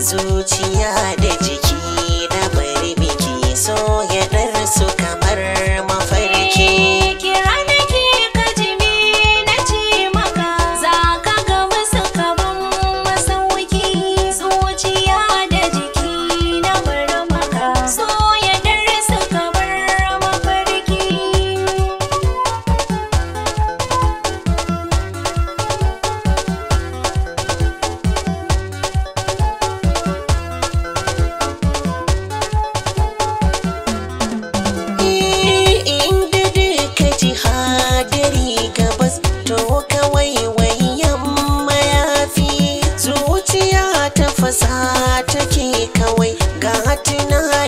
zuciya da jiki na bari biki so ya su kama wasa take kawai ga tunan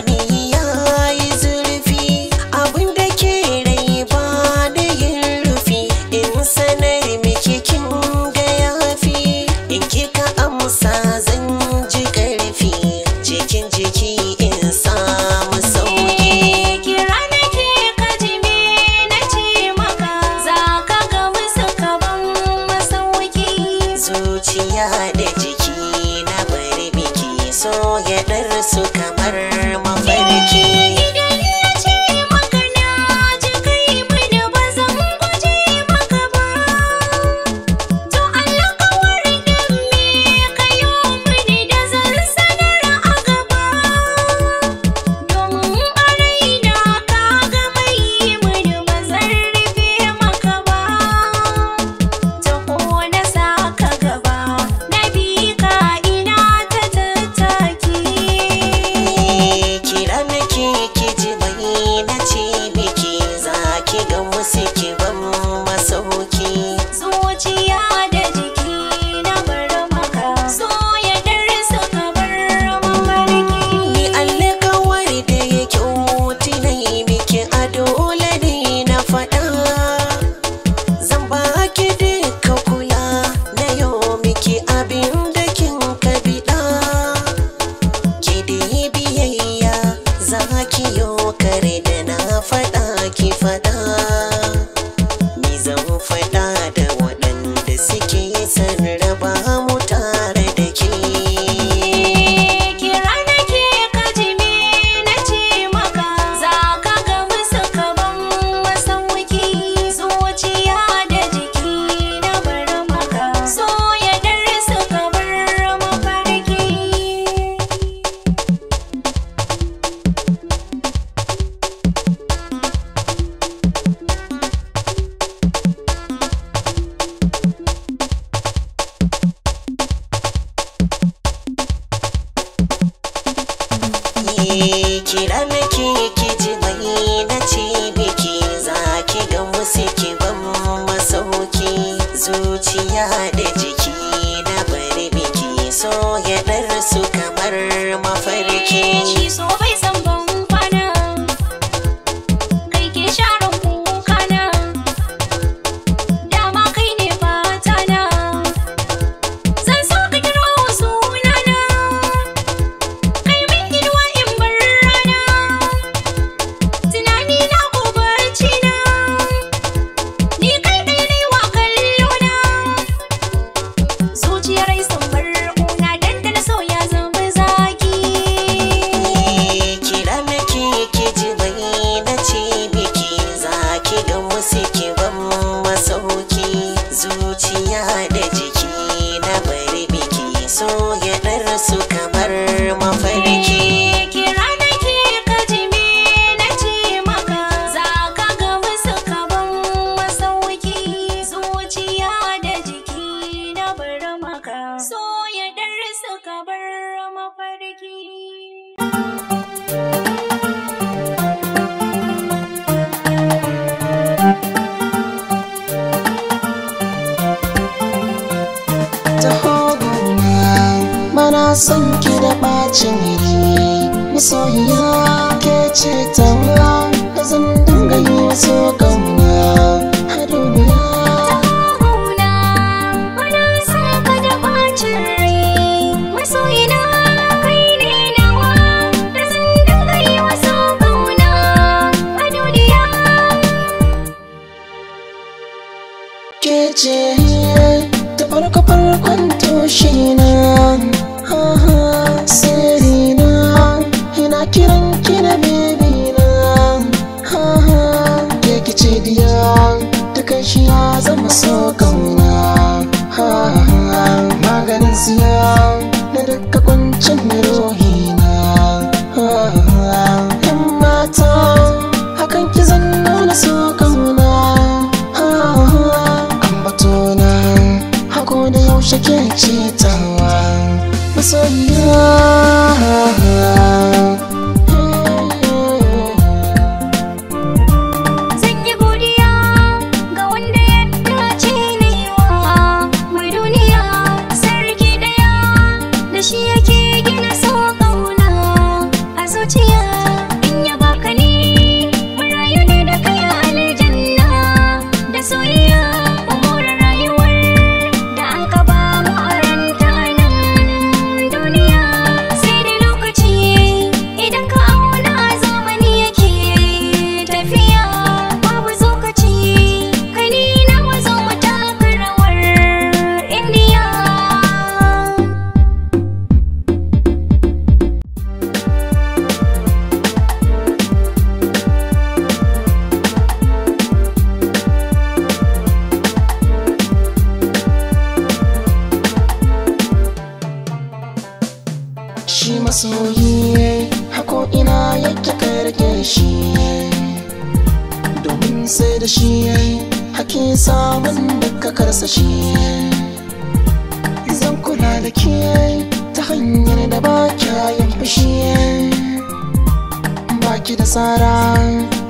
kira miki ki ji mai na cibiki biki za ki ga musu ki ban masauki zuciya da jiki na bari biki so ya dar su kamar mafarki taho na mana son ki da bacin iri masoyiya ke ce ta da zan dinga yi so kan kai shi ya zama so kauna maganin siya na duka kuncin rohi na yan mata hakan ki zan nuna so kauna ambato na hako da yaushe ke cetawa masoyiya sai da shi haƙi samun duka karsa shi zan kula da ke ta hanyar da ba kyayin fushi baki da tsara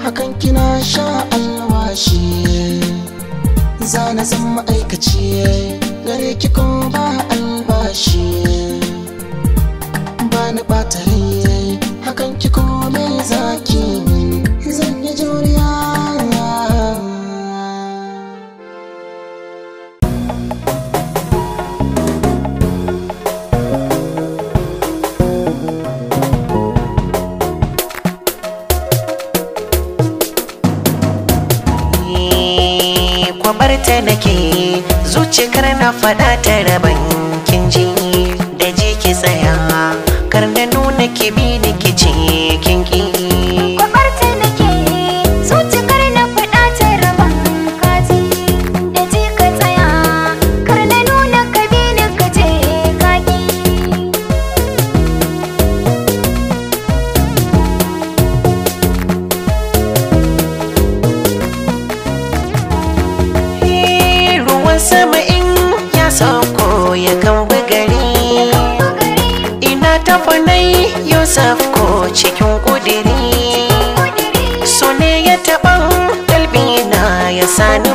hakan kina sha alwashi zana zan ma'aikaci gare ki kuma ba alwashi ta nake kar na faɗa ta rabin kinji da ji ki tsaya kar na nuna ki bi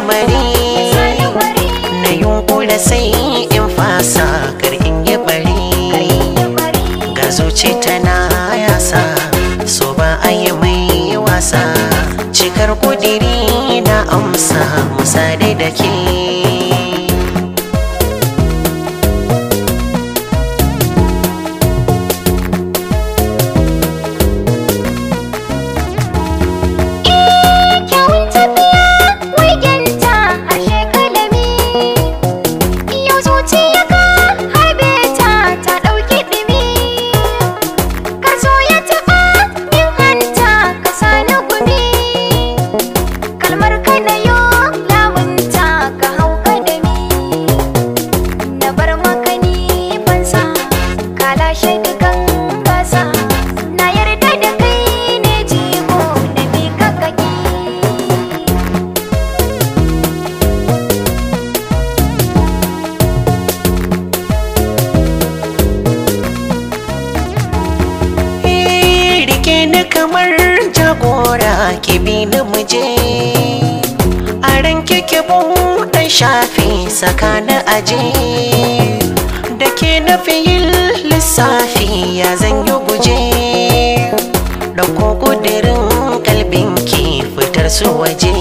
bari na yunkura sai in fasa kar in yi bari ga zuci tana yasa so ba a yi mai wasa cikar kudiri na amsa musa da ke shafi sakana aji da ke na lissafi ya zanyo guje ɗauko ƙudurin kalbinki fitar su waje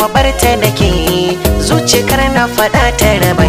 mabarta nake zuciyar na faɗa ta raba